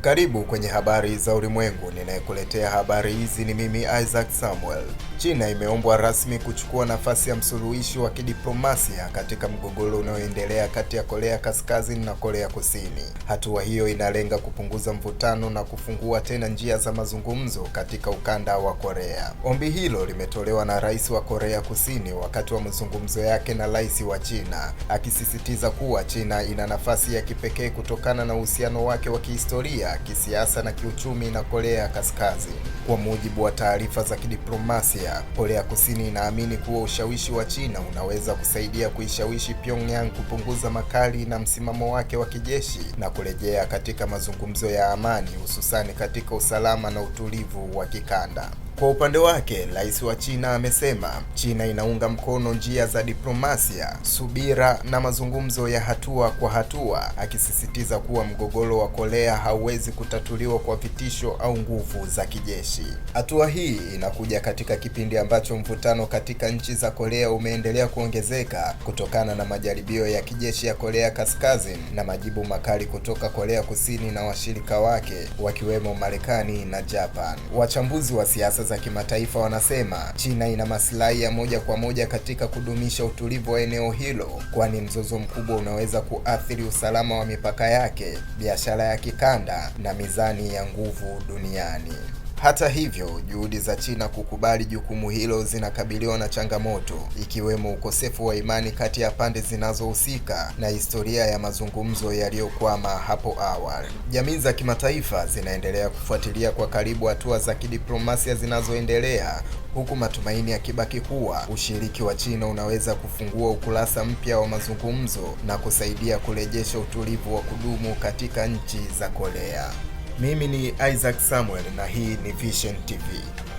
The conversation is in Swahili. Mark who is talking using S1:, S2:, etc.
S1: Karibu kwenye habari za ulimwengu. Ninayekuletea habari hizi ni mimi Isaac Samuel. China imeombwa rasmi kuchukua nafasi ya msuluhishi wa kidiplomasia katika mgogoro unaoendelea kati ya Korea Kaskazini na Korea Kusini. Hatua hiyo inalenga kupunguza mvutano na kufungua tena njia za mazungumzo katika ukanda wa Korea. Ombi hilo limetolewa na Rais wa Korea Kusini wakati wa mazungumzo yake na Rais wa China, akisisitiza kuwa China ina nafasi ya kipekee kutokana na uhusiano wake wa kihistoria kisiasa na kiuchumi na Korea Kaskazini. Kwa mujibu wa taarifa za kidiplomasia, Korea Kusini inaamini kuwa ushawishi wa China unaweza kusaidia kuishawishi Pyongyang kupunguza makali na msimamo wake wa kijeshi na kurejea katika mazungumzo ya amani, hususani katika usalama na utulivu wa kikanda. Kwa upande wake, rais wa China amesema China inaunga mkono njia za diplomasia, subira na mazungumzo ya hatua kwa hatua, akisisitiza kuwa mgogoro wa Korea hauwezi kutatuliwa kwa vitisho au nguvu za kijeshi. Hatua hii inakuja katika kipindi ambacho mvutano katika nchi za Korea umeendelea kuongezeka kutokana na majaribio ya kijeshi ya Korea Kaskazini na majibu makali kutoka Korea Kusini na washirika wake wakiwemo Marekani na Japan. Wachambuzi wa siasa za kimataifa wanasema China ina maslahi ya moja kwa moja katika kudumisha utulivu wa eneo hilo, kwani mzozo mkubwa unaweza kuathiri usalama wa mipaka yake, biashara ya kikanda na mizani ya nguvu duniani. Hata hivyo, juhudi za China kukubali jukumu hilo zinakabiliwa na changamoto, ikiwemo ukosefu wa imani kati ya pande zinazohusika na historia ya mazungumzo yaliyokwama hapo awali. Jamii za kimataifa zinaendelea kufuatilia kwa karibu hatua za kidiplomasia zinazoendelea huku matumaini yakibaki kuwa ushiriki wa China unaweza kufungua ukurasa mpya wa mazungumzo na kusaidia kurejesha utulivu wa kudumu katika nchi za Korea. Mimi ni Isaac Samuel na hii ni Vision TV.